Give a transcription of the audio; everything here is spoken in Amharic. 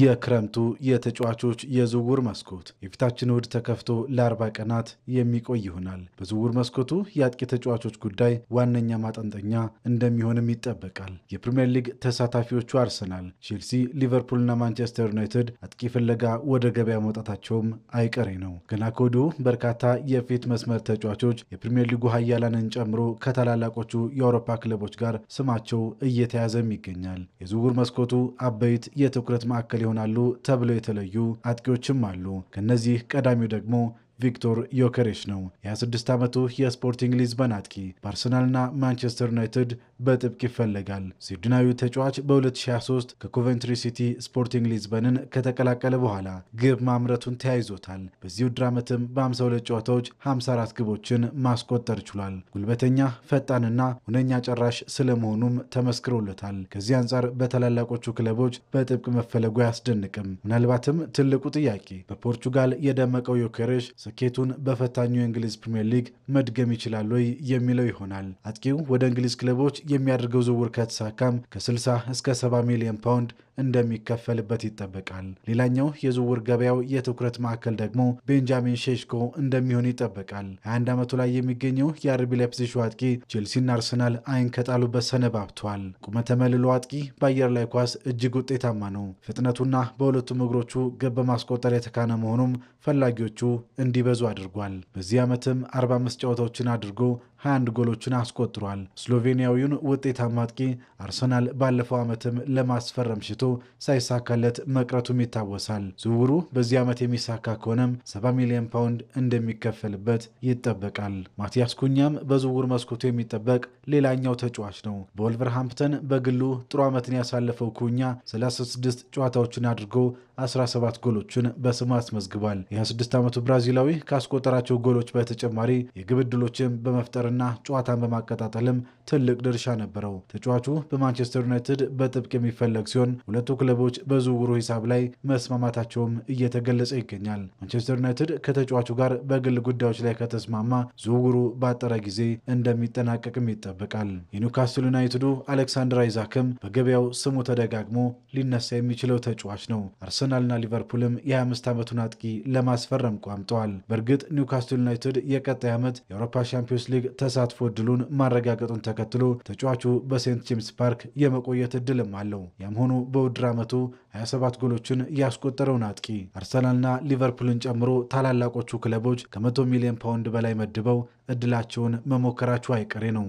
የክረምቱ የተጫዋቾች የዝውውር መስኮት የፊታችን እሁድ ተከፍቶ ለአርባ ቀናት የሚቆይ ይሆናል። በዝውውር መስኮቱ የአጥቂ ተጫዋቾች ጉዳይ ዋነኛ ማጠንጠኛ እንደሚሆንም ይጠበቃል። የፕሪምየር ሊግ ተሳታፊዎቹ አርሰናል፣ ቼልሲ፣ ሊቨርፑልና ማንቸስተር ዩናይትድ አጥቂ ፍለጋ ወደ ገበያ መውጣታቸውም አይቀሬ ነው። ገና ከወዲሁ በርካታ የፊት መስመር ተጫዋቾች የፕሪምየር ሊጉ ኃያላንን ጨምሮ ከታላላቆቹ የአውሮፓ ክለቦች ጋር ስማቸው እየተያዘም ይገኛል። የዝውውር መስኮቱ አበይት የትኩረት ማዕከል ይሆናሉ ተብለው የተለዩ አጥቂዎችም አሉ። ከነዚህ ቀዳሚው ደግሞ ቪክቶር ዮከሬሽ ነው። የ26 ዓመቱ የስፖርቲንግ ሊዝበን አጥቂ በአርሰናልና ማንቸስተር ዩናይትድ በጥብቅ ይፈለጋል። ስዊድናዊው ተጫዋች በ2023 ከኮቨንትሪ ሲቲ ስፖርቲንግ ሊዝበንን ከተቀላቀለ በኋላ ግብ ማምረቱን ተያይዞታል። በዚህ ውድድር ዓመትም በ52 ጨዋታዎች 54 ግቦችን ማስቆጠር ችሏል። ጉልበተኛ፣ ፈጣንና ሁነኛ ጨራሽ ስለመሆኑም ተመስክሮለታል። ከዚህ አንጻር በታላላቆቹ ክለቦች በጥብቅ መፈለጉ አያስደንቅም። ምናልባትም ትልቁ ጥያቄ በፖርቹጋል የደመቀው ዮከሬሽ ስኬቱን በፈታኙ የእንግሊዝ ፕሪምየር ሊግ መድገም ይችላል ወይ የሚለው ይሆናል። አጥቂው ወደ እንግሊዝ ክለቦች የሚያደርገው ዝውውር ከተሳካም ከ60 እስከ 70 ሚሊዮን ፓውንድ እንደሚከፈልበት ይጠበቃል። ሌላኛው የዝውውር ገበያው የትኩረት ማዕከል ደግሞ ቤንጃሚን ሼሽኮ እንደሚሆን ይጠበቃል። 21 ዓመቱ ላይ የሚገኘው የአርቢ ላይፕዚግ አጥቂ ቼልሲና አርሰናል አይን ከጣሉበት ሰነባብቷል። ቁመተ መልሎ አጥቂ በአየር ላይ ኳስ እጅግ ውጤታማ ነው። ፍጥነቱና በሁለቱም እግሮቹ ግብ በማስቆጠር የተካነ መሆኑም ፈላጊዎቹ እንዲበዙ አድርጓል። በዚህ ዓመትም 45 ጨዋታዎችን አድርጎ 21 ጎሎችን አስቆጥሯል። ስሎቬኒያዊውን ውጤታማ አጥቂ አርሰናል ባለፈው ዓመትም ለማስፈረም ሽቶ ሳይሳካለት መቅረቱም ይታወሳል። ዝውውሩ በዚህ ዓመት የሚሳካ ከሆነም 70 ሚሊዮን ፓውንድ እንደሚከፈልበት ይጠበቃል። ማቲያስ ኩኛም በዝውውር መስኮቱ የሚጠበቅ ሌላኛው ተጫዋች ነው። በወልቨርሃምፕተን በግሉ ጥሩ ዓመትን ያሳለፈው ኩኛ 36 ጨዋታዎችን አድርጎ 17 ጎሎችን በስሙ አስመዝግቧል። የ26 ዓመቱ ብራዚላዊ ካስቆጠራቸው ጎሎች በተጨማሪ የግብ ዕድሎችን በመፍጠር በመፍጠርና ጨዋታን በማቀጣጠልም ትልቅ ድርሻ ነበረው። ተጫዋቹ በማንቸስተር ዩናይትድ በጥብቅ የሚፈለግ ሲሆን ሁለቱ ክለቦች በዝውውሩ ሂሳብ ላይ መስማማታቸውም እየተገለጸ ይገኛል። ማንቸስተር ዩናይትድ ከተጫዋቹ ጋር በግል ጉዳዮች ላይ ከተስማማ ዝውውሩ ባጠረ ጊዜ እንደሚጠናቀቅም ይጠበቃል። የኒውካስትል ዩናይትዱ አሌክሳንደር አይዛክም በገበያው ስሙ ተደጋግሞ ሊነሳ የሚችለው ተጫዋች ነው። አርሰናልና ሊቨርፑልም የ25 ዓመቱን አጥቂ ለማስፈረም ቋምጠዋል። በእርግጥ ኒውካስትል ዩናይትድ የቀጣይ ዓመት የአውሮፓ ሻምፒዮንስ ሊግ ተሳትፎ እድሉን ማረጋገጡን ተከትሎ ተጫዋቹ በሴንት ጄምስ ፓርክ የመቆየት እድልም አለው። ያም ሆኖ በውድድር ዓመቱ 27 ጎሎችን ያስቆጠረውን አጥቂ አርሰናልና ሊቨርፑልን ጨምሮ ታላላቆቹ ክለቦች ከ100 ሚሊዮን ፓውንድ በላይ መድበው እድላቸውን መሞከራቸው አይቀሬ ነው።